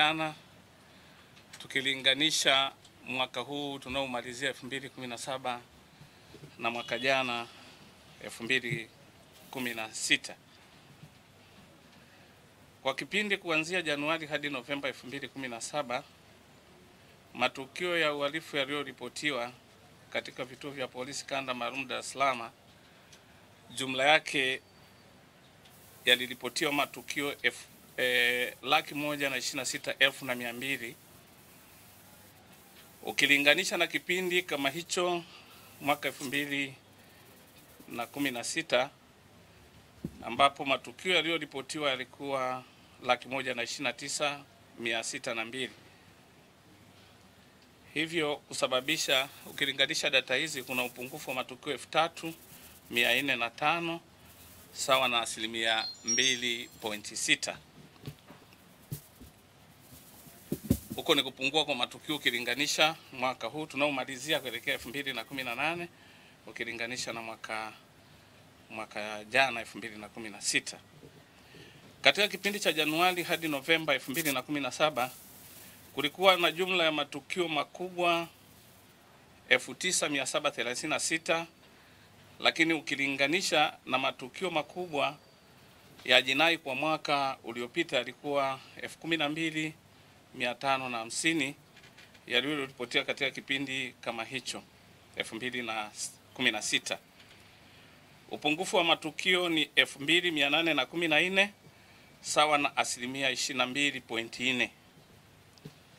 inaonekana tukilinganisha mwaka huu tunaomalizia 2017 na mwaka jana 2016. Kwa kipindi kuanzia Januari hadi Novemba 2017, matukio ya uhalifu yaliyoripotiwa katika vituo vya polisi kanda maalum Dar es Salaam, jumla yake yaliripotiwa matukio elfu eh, laki moja na ishirini na sita elfu na mia mbili ukilinganisha na kipindi kama hicho mwaka elfu mbili na kumi na sita ambapo matukio yaliyoripotiwa yalikuwa laki moja na ishirini na tisa mia sita na mbili hivyo kusababisha ukilinganisha data hizi kuna upungufu wa matukio elfu tatu mia nne na tano sawa na asilimia mbili pointi sita. huko ni kupungua kwa matukio ukilinganisha mwaka huu tunaomalizia kuelekea 2018 ukilinganisha na mwaka mwaka jana 2016. Katika kipindi cha Januari hadi Novemba 2017 kulikuwa na jumla ya matukio makubwa 9736 lakini ukilinganisha na matukio makubwa ya jinai kwa mwaka uliopita yalikuwa 12000 550 yaliyoripotiwa katika kipindi kama hicho 2016. Upungufu wa matukio ni 2814 sawa na asilimia 22.4.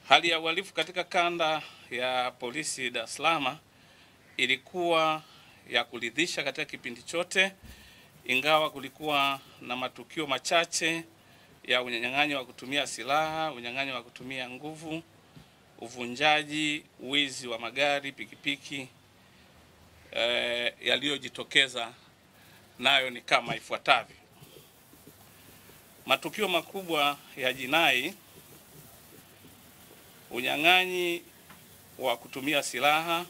Hali ya uhalifu katika kanda ya polisi Dar es Salaam ilikuwa ya kuridhisha katika kipindi chote, ingawa kulikuwa na matukio machache ya unyang'anyi wa kutumia silaha, unyang'anyi wa kutumia nguvu, uvunjaji, wizi wa magari, pikipiki e, yaliyojitokeza nayo ni kama ifuatavyo. Matukio makubwa ya jinai: unyang'anyi wa kutumia silaha.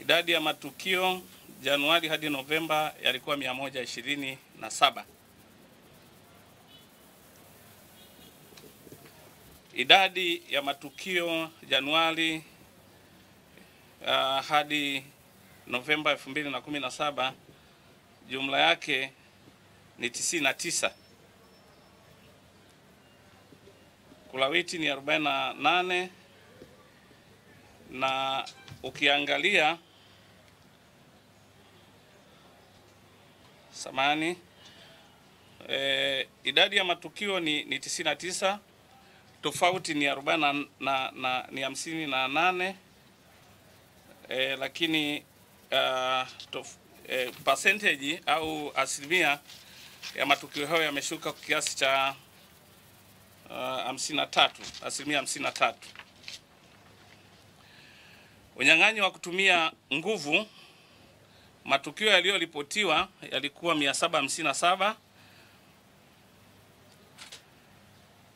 Idadi ya matukio Januari hadi Novemba yalikuwa 127. Idadi ya matukio Januari uh, hadi Novemba 2017 jumla yake ni 99, kulawiti ni 48 na ukiangalia samani e, idadi ya matukio ni, ni 99 tofauti ni 40 na, na, na, ni hamsini na nane e, lakini uh, tof, e, percentage au asilimia ya matukio hayo yameshuka kwa kiasi cha ah, hamsini na tatu uh, asilimia hamsini na tatu. Unyang'anyi wa kutumia nguvu, matukio yaliyoripotiwa yalikuwa 757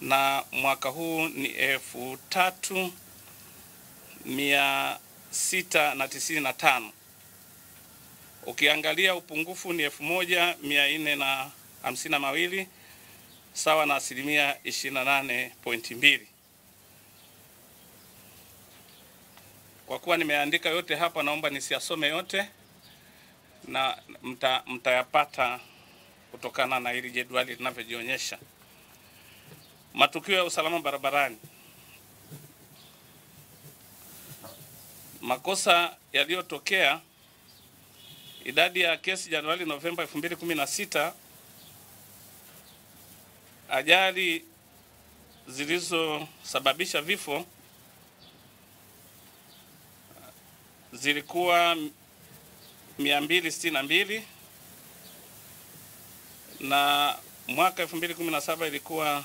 na mwaka huu ni elfu tatu mia sita na tisini na tano. Ukiangalia upungufu ni elfu moja mia nne na hamsini na mawili sawa na asilimia ishirini Kwa kuwa nimeandika yote hapa, naomba nisiyasome yote na mtayapata mta kutokana na hili jedwali linavyojionyesha. Matukio ya usalama barabarani, makosa yaliyotokea, idadi ya kesi Januari Novemba 2016, ajali zilizosababisha vifo zilikuwa 262 na mwaka 2017 ilikuwa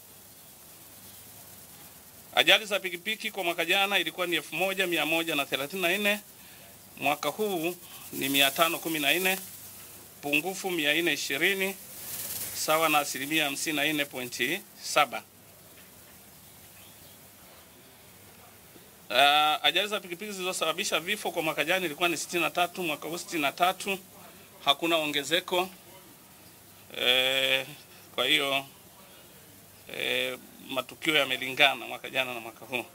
Ajali za pikipiki kwa mwaka jana ilikuwa ni 1134, mwaka huu ni 514, pungufu 420 sawa na asilimia 54.7. Ah, ajali za pikipiki zilizosababisha vifo kwa mwaka jana ilikuwa ni 63, mwaka huu 63, hakuna ongezeko. E, kwa hiyo e, matukio yamelingana mwaka jana na mwaka huu.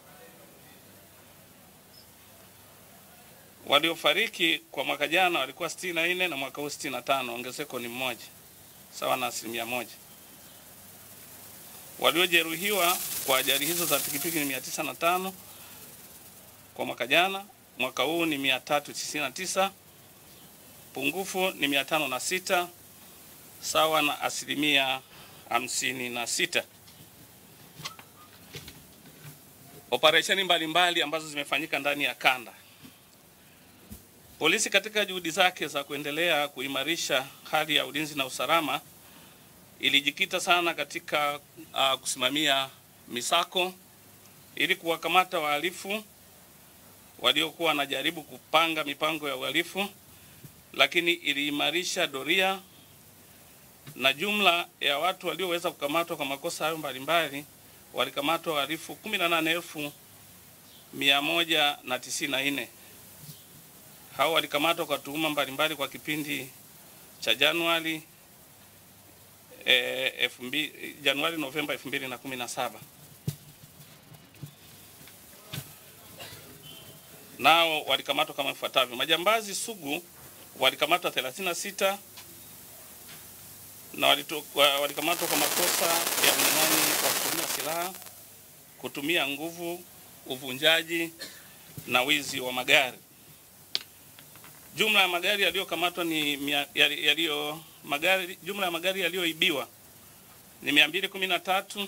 Waliofariki kwa mwaka jana walikuwa 64 na mwaka huu 65, ongezeko ni mmoja sawa na asilimia moja. Waliojeruhiwa kwa ajali hizo za pikipiki ni 905 kwa mwaka jana, mwaka huu ni 399, pungufu ni 506 sawa na asilimia 56 operesheni mbalimbali ambazo zimefanyika ndani ya kanda. Polisi katika juhudi zake za kuendelea kuimarisha hali ya ulinzi na usalama ilijikita sana katika uh, kusimamia misako ili kuwakamata wahalifu waliokuwa wanajaribu kupanga mipango ya uhalifu, lakini iliimarisha doria na jumla ya watu walioweza kukamatwa kwa makosa hayo mbalimbali walikamatwa wahalifu 18,194. Hao walikamatwa kwa tuhuma mbalimbali kwa kipindi cha Januari eh, Januari Novemba 2017. Nao walikamatwa kama ifuatavyo: majambazi sugu walikamatwa 36 na walikamatwa kwa makosa ya unyang'anyi kwa kutumia silaha, kutumia nguvu, uvunjaji na wizi wa magari. Jumla ya magari yaliyokamatwa ni yaliyo magari, jumla ya magari yaliyoibiwa ni 213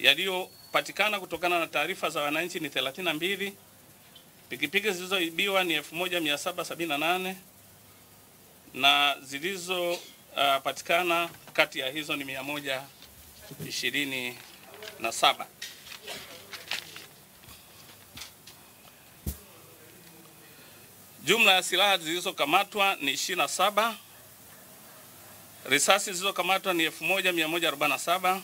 yaliyopatikana kutokana na taarifa za wananchi ni 32, pikipiki zilizoibiwa ni 1778 na zilizopatikana uh, kati ya hizo ni 127 ishirini na saba. Jumla ya silaha zilizokamatwa ni 27, risasi zilizokamatwa ni 1147.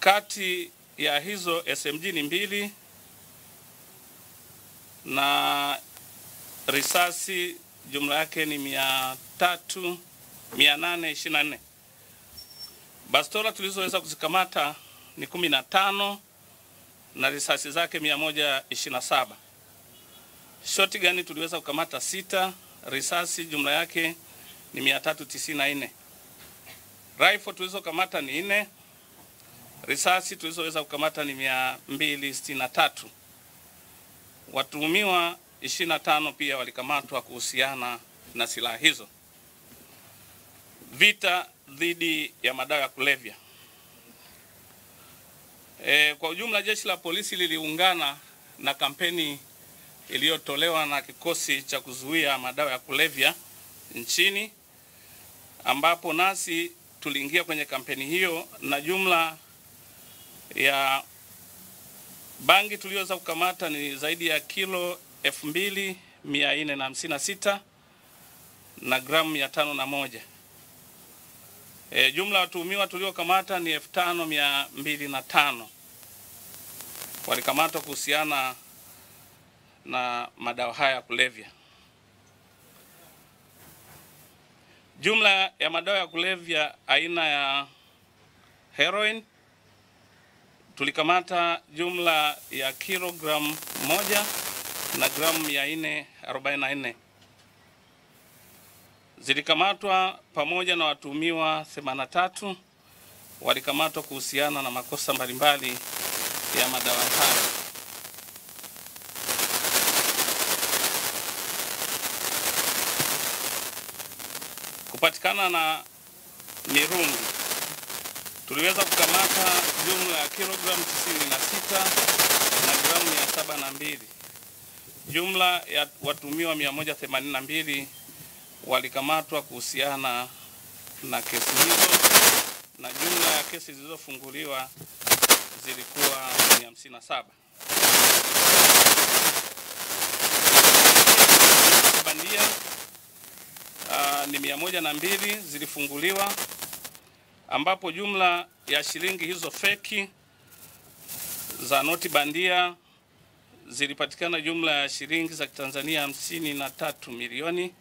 Kati ya hizo SMG ni mbili na risasi jumla yake ni 3824. Bastola tulizoweza kuzikamata ni 15 na risasi zake 127 Shotgun tuliweza kukamata sita, risasi jumla yake ni 394 tatu Rifle tulizokamata ni nne, risasi tulizoweza kukamata ni 263. watumiwa Watuhumiwa 25 pia walikamatwa kuhusiana na silaha hizo. Vita dhidi ya madawa ya kulevya. E, kwa ujumla jeshi la polisi liliungana na kampeni iliyotolewa na kikosi cha kuzuia madawa ya kulevya nchini ambapo nasi tuliingia kwenye kampeni hiyo na jumla ya bangi tulioweza kukamata ni zaidi ya kilo 2456 na gramu ya tano na moja. E, jumla watuhumiwa tuliokamata ni 5205 walikamatwa kuhusiana na madawa haya ya kulevya. Jumla ya madawa ya kulevya aina ya heroin tulikamata jumla ya kilogramu moja na gramu 444 zilikamatwa pamoja na watuhumiwa 83 walikamatwa kuhusiana na makosa mbalimbali ya madawa hayo. Kupatikana na mirungi, tuliweza kukamata jumla ya kilogramu 96 na gramu 702 Jumla ya watumiwa 182 walikamatwa kuhusiana na kesi hizo na jumla ya kesi zilizofunguliwa zilikuwa 157. Bandia uh, ni 102 zilifunguliwa ambapo jumla ya shilingi hizo feki za noti bandia zilipatikana jumla ya shilingi za Kitanzania hamsini na tatu milioni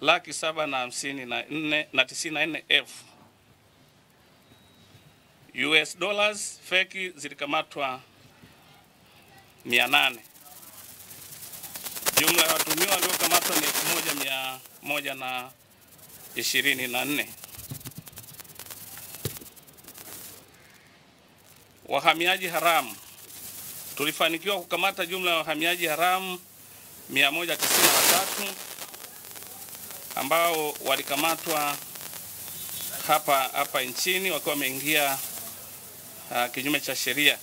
laki saba na hamsini na nne na tisini na nne elfu US dollars feki zilikamatwa 800. Jumla ya watumiwa waliokamatwa ni 1124. Wahamiaji haramu tulifanikiwa kukamata jumla ya wahamiaji haramu 193 ambao walikamatwa hapa hapa nchini wakiwa wameingia uh, kinyume cha sheria.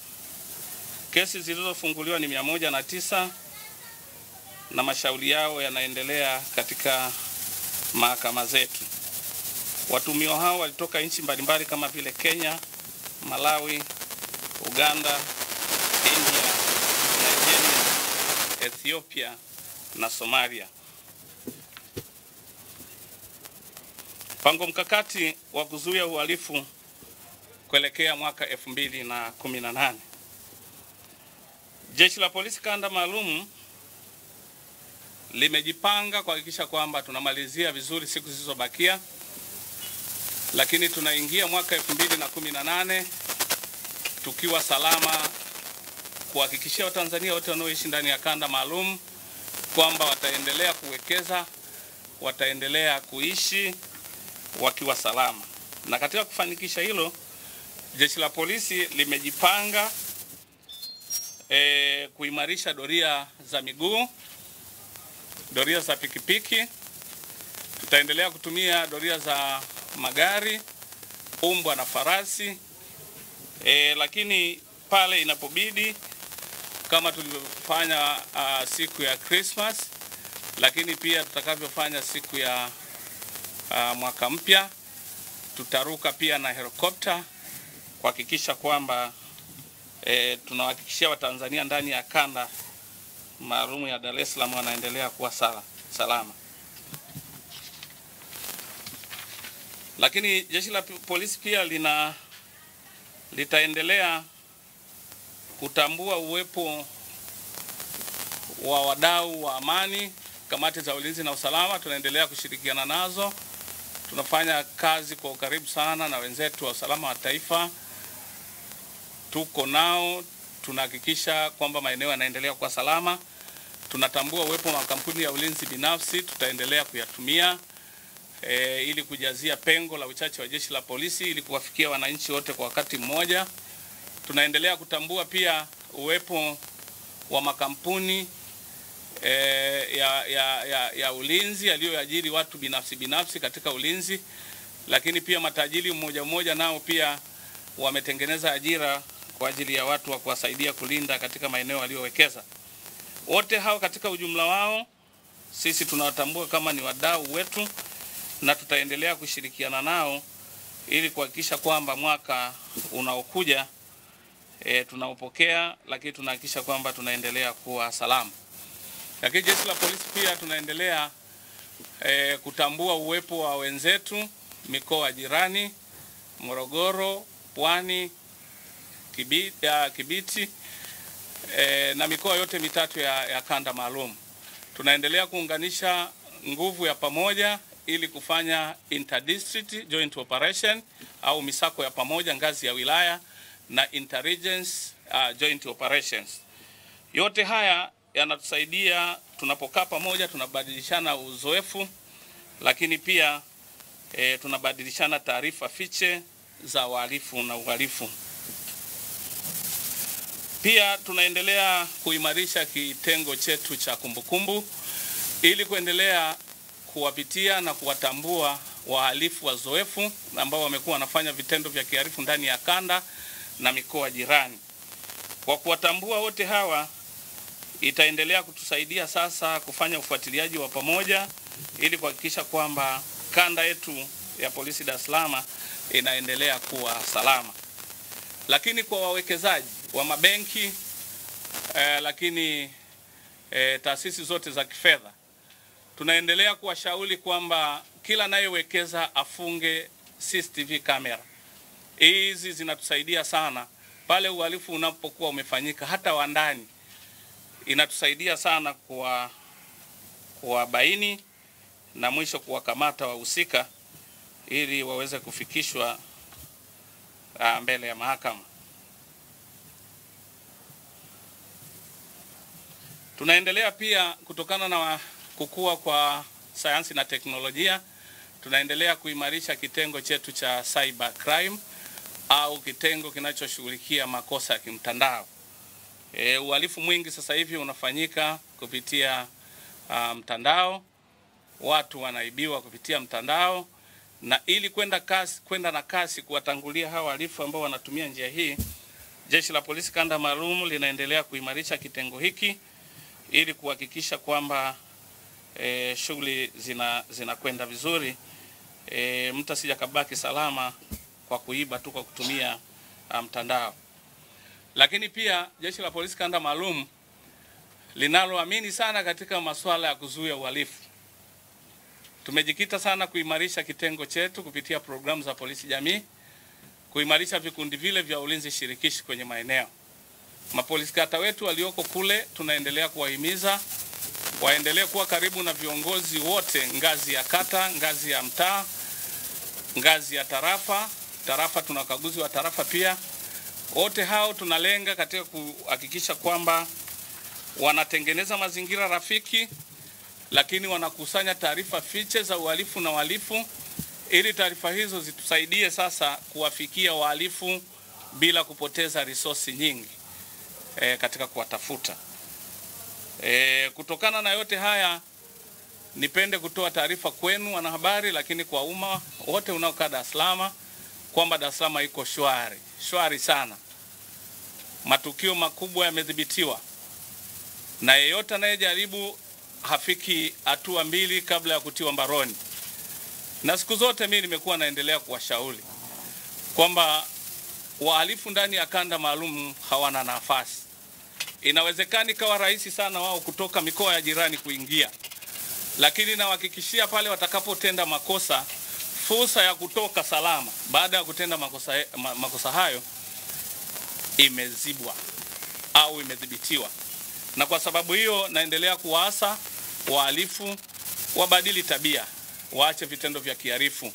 Kesi zilizofunguliwa ni 109 na mashauri yao yanaendelea katika mahakama zetu. Watumio hao walitoka nchi mbalimbali kama vile Kenya, Malawi, Uganda, Ethiopia na Somalia. Mpango mkakati wa kuzuia uhalifu kuelekea mwaka 2018. Jeshi la Polisi Kanda Maalum limejipanga kuhakikisha kwamba tunamalizia vizuri siku zilizobakia, lakini tunaingia mwaka 2018 tukiwa salama kuhakikishia Watanzania wote wanaoishi ndani ya kanda maalum kwamba wataendelea kuwekeza, wataendelea kuishi wakiwa salama. Na katika kufanikisha hilo, jeshi la polisi limejipanga e, kuimarisha doria za miguu, doria za pikipiki. Tutaendelea kutumia doria za magari, umbwa na farasi e, lakini pale inapobidi kama tulivyofanya uh, siku ya Christmas, lakini pia tutakavyofanya siku ya uh, mwaka mpya. Tutaruka pia na helikopta kuhakikisha kwamba e, tunawahakikishia Watanzania ndani ya kanda maalumu ya Dar es Salaam wanaendelea kuwa sala, salama. Lakini jeshi la polisi pia lina litaendelea kutambua uwepo wa wadau wa amani, kamati za ulinzi na usalama, tunaendelea kushirikiana nazo. Tunafanya kazi kwa ukaribu sana na wenzetu wa usalama wa taifa, tuko nao, tunahakikisha kwamba maeneo yanaendelea kuwa salama. Tunatambua uwepo wa makampuni ya ulinzi binafsi, tutaendelea kuyatumia e, ili kujazia pengo la uchache wa jeshi la polisi ili kuwafikia wananchi wote kwa wakati mmoja. Tunaendelea kutambua pia uwepo wa makampuni e, ya, ya, ya, ya ulinzi yaliyoajiri watu binafsi binafsi katika ulinzi, lakini pia matajiri mmoja mmoja nao pia wametengeneza ajira kwa ajili ya watu wa kuwasaidia kulinda katika maeneo aliyowekeza Wote hao katika ujumla wao sisi tunawatambua kama ni wadau wetu na tutaendelea kushirikiana nao ili kuhakikisha kwamba mwaka unaokuja e, tunaopokea, lakini tunahakikisha kwamba tunaendelea kuwa salama. Lakini jeshi la polisi pia tunaendelea e, kutambua uwepo wa wenzetu mikoa jirani Morogoro, Pwani, Kibiti, ya, Kibiti e, na mikoa yote mitatu ya, ya kanda maalum. Tunaendelea kuunganisha nguvu ya pamoja ili kufanya interdistrict joint operation au misako ya pamoja ngazi ya wilaya na intelligence uh, joint operations. Yote haya yanatusaidia tunapokaa pamoja, tunabadilishana uzoefu, lakini pia e, tunabadilishana taarifa fiche za uhalifu na uhalifu. Pia tunaendelea kuimarisha kitengo chetu cha kumbukumbu ili kuendelea kuwapitia na kuwatambua wahalifu wazoefu ambao wamekuwa wanafanya vitendo vya kihalifu ndani ya kanda na mikoa jirani. Kwa kuwatambua wote hawa, itaendelea kutusaidia sasa kufanya ufuatiliaji wa pamoja ili kuhakikisha kwamba kanda yetu ya polisi Dar es Salaam inaendelea kuwa salama. Lakini kwa wawekezaji wa mabenki eh, lakini eh, taasisi zote za kifedha tunaendelea kuwashauri kwamba kila anayewekeza afunge CCTV kamera hizi zinatusaidia sana pale uhalifu unapokuwa umefanyika, hata wa ndani, inatusaidia sana kwa kuwabaini na mwisho kuwakamata wahusika ili waweze kufikishwa ah, mbele ya mahakama. Tunaendelea pia kutokana na kukua kwa sayansi na teknolojia, tunaendelea kuimarisha kitengo chetu cha cyber crime au kitengo kinachoshughulikia makosa ya kimtandao. E, uhalifu mwingi sasa hivi unafanyika kupitia uh, mtandao. Watu wanaibiwa kupitia mtandao, na ili kwenda kasi, kwenda na kasi kuwatangulia hawa wahalifu ambao wanatumia njia hii, Jeshi la Polisi kanda maalum linaendelea kuimarisha kitengo hiki ili kuhakikisha kwamba e, shughuli zinakwenda zina vizuri. E, mtu asija kabaki salama kwa kuiba tu kwa kutumia uh, mtandao. lakini pia jeshi la polisi kanda maalum linaloamini sana katika masuala ya kuzuia uhalifu, tumejikita sana kuimarisha kitengo chetu kupitia programu za polisi jamii, kuimarisha vikundi vile vya ulinzi shirikishi kwenye maeneo. Mapolisi kata wetu walioko kule tunaendelea kuwahimiza waendelee kuwa karibu na viongozi wote ngazi ya kata, ngazi ya mtaa, ngazi ya tarafa tarafa, tuna wakaguzi wa tarafa pia. Wote hao tunalenga katika kuhakikisha kwamba wanatengeneza mazingira rafiki, lakini wanakusanya taarifa fiche za uhalifu na wahalifu, ili taarifa hizo zitusaidie sasa kuwafikia wahalifu bila kupoteza risosi nyingi e, katika kuwatafuta. E, kutokana na yote haya nipende kutoa taarifa kwenu wanahabari, lakini kwa umma wote unaokaa Dar es Salaam kwamba Dar es Salaam iko shwari shwari sana, matukio makubwa yamedhibitiwa, na yeyote anayejaribu hafiki hatua mbili kabla ya kutiwa mbaroni. Na siku zote mimi nimekuwa naendelea kuwashauri kwamba wahalifu ndani ya kanda maalum hawana nafasi. Inawezekana ikawa rahisi sana wao kutoka mikoa ya jirani kuingia, lakini nawahakikishia pale watakapotenda makosa fursa ya kutoka salama baada ya kutenda makosa, makosa hayo imezibwa au imedhibitiwa, na kwa sababu hiyo naendelea kuwaasa wahalifu wabadili tabia, waache vitendo vya kiharifu,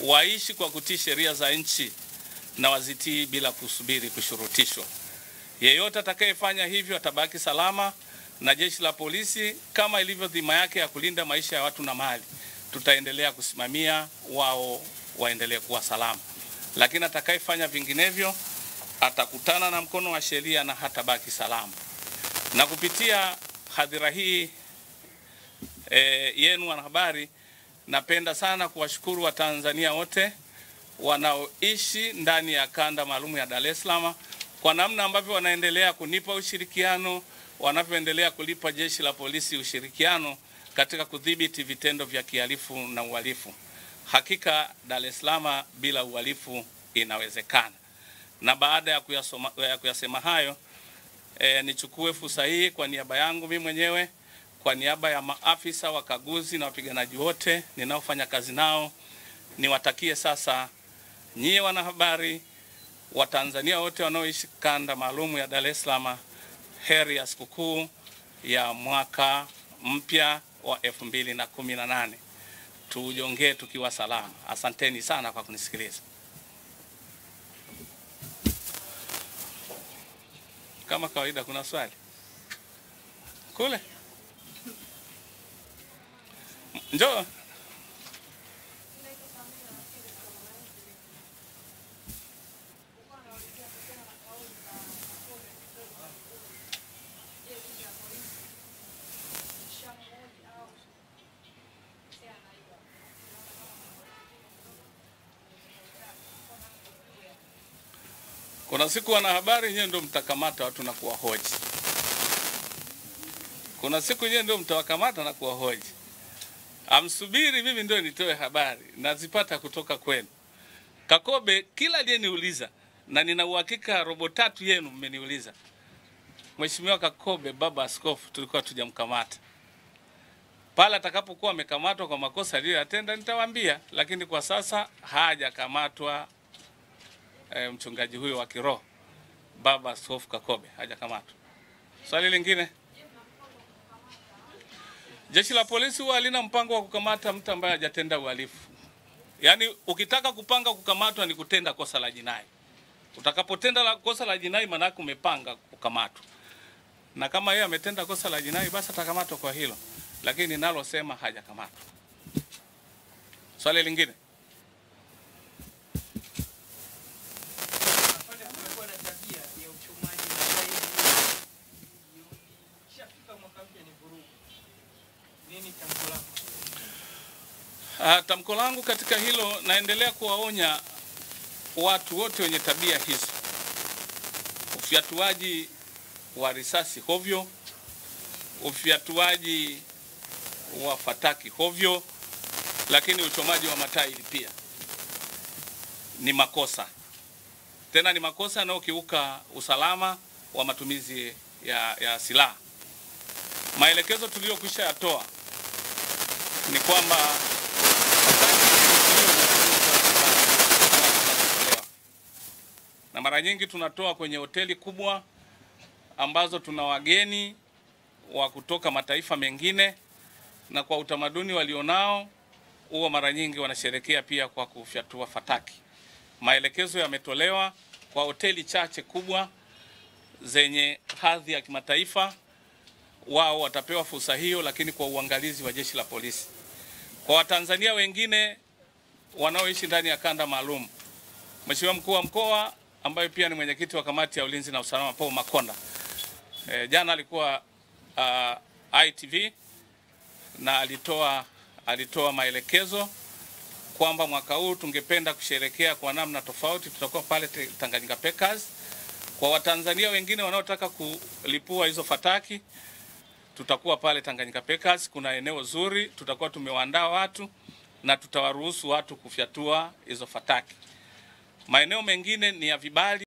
waishi kwa kutii sheria za nchi na wazitii bila kusubiri kushurutishwa. Yeyote atakayefanya hivyo atabaki salama na jeshi la polisi kama ilivyo dhima yake ya kulinda maisha ya watu na mali tutaendelea kusimamia wao waendelee kuwa salama, lakini atakayefanya vinginevyo atakutana na mkono wa sheria na hatabaki salama. Na kupitia hadhira hii e, yenu wanahabari, napenda sana kuwashukuru Watanzania wote wanaoishi ndani ya kanda maalum ya Dar es Salaam kwa namna ambavyo wanaendelea kunipa ushirikiano, wanavyoendelea kulipa jeshi la polisi ushirikiano katika kudhibiti vitendo vya kihalifu na uhalifu. Hakika Dar es Salaam bila uhalifu inawezekana. Na baada ya kuyasoma, ya kuyasema hayo e, nichukue fursa hii kwa niaba yangu mimi mwenyewe, kwa niaba ya maafisa wakaguzi na wapiganaji wote ninaofanya kazi nao, niwatakie sasa nyie wanahabari Watanzania wote wanaoishi kanda maalumu ya Dar es Salaam heri ya sikukuu ya mwaka mpya wa 2018 tujongee tukiwa salama. Asanteni sana kwa kunisikiliza. Kama kawaida, kuna swali kule, njoo. Kuna siku wanahabari nyewe ndio mtakamata watu na kuwahoji, kuna siku nyewe ndio mtawakamata na kuwahoji. Amsubiri mimi ndio nitoe habari, nazipata kutoka kwenu. Kakobe kila aliyeniuliza, na nina uhakika robo tatu yenu mmeniuliza, Mheshimiwa Kakobe baba askofu, tulikuwa tujamkamata pale atakapokuwa amekamatwa kwa makosa aliyoyatenda nitawaambia, lakini kwa sasa hajakamatwa e, mchungaji huyo wa kiroho Baba Askofu Kakobe hajakamatwa. Swali lingine, jeshi la polisi huwa halina mpango wa kukamata mtu ambaye hajatenda uhalifu. Yaani ukitaka kupanga kukamatwa ni kutenda kosa la jinai. Utakapotenda la kosa la jinai, maanake umepanga kukamatwa, na kama yeye ametenda kosa la jinai, basi atakamatwa kwa hilo, lakini nalosema hajakamatwa. Swali lingine Uh, tamko langu katika hilo, naendelea kuwaonya watu wote wenye tabia hizo, ufyatuaji wa risasi hovyo, ufyatuaji wa fataki hovyo, lakini uchomaji wa matairi pia ni makosa, tena ni makosa yanayokiuka usalama wa matumizi ya, ya silaha. Maelekezo tuliyokwisha yatoa ni kwamba na mara nyingi tunatoa kwenye hoteli kubwa ambazo tuna wageni wa kutoka mataifa mengine, na kwa utamaduni walionao huo mara nyingi wanasherekea pia kwa kufyatua fataki. Maelekezo yametolewa kwa hoteli chache kubwa zenye hadhi ya kimataifa, wao watapewa fursa hiyo, lakini kwa uangalizi wa jeshi la polisi. Kwa Watanzania wengine wanaoishi ndani ya kanda maalum, Mheshimiwa mkuu wa mkoa ambaye pia ni mwenyekiti wa kamati ya ulinzi na usalama Paul Makonda e, jana alikuwa uh, ITV na alitoa, alitoa maelekezo kwamba mwaka huu tungependa kusherekea kwa namna tofauti. Tutakuwa pale Tanganyika Packers. Kwa Watanzania wengine wanaotaka kulipua hizo fataki tutakuwa pale Tanganyika Packers. Kuna eneo zuri, tutakuwa tumewaandaa watu na tutawaruhusu watu kufyatua hizo fataki. Maeneo mengine ni ya vibali.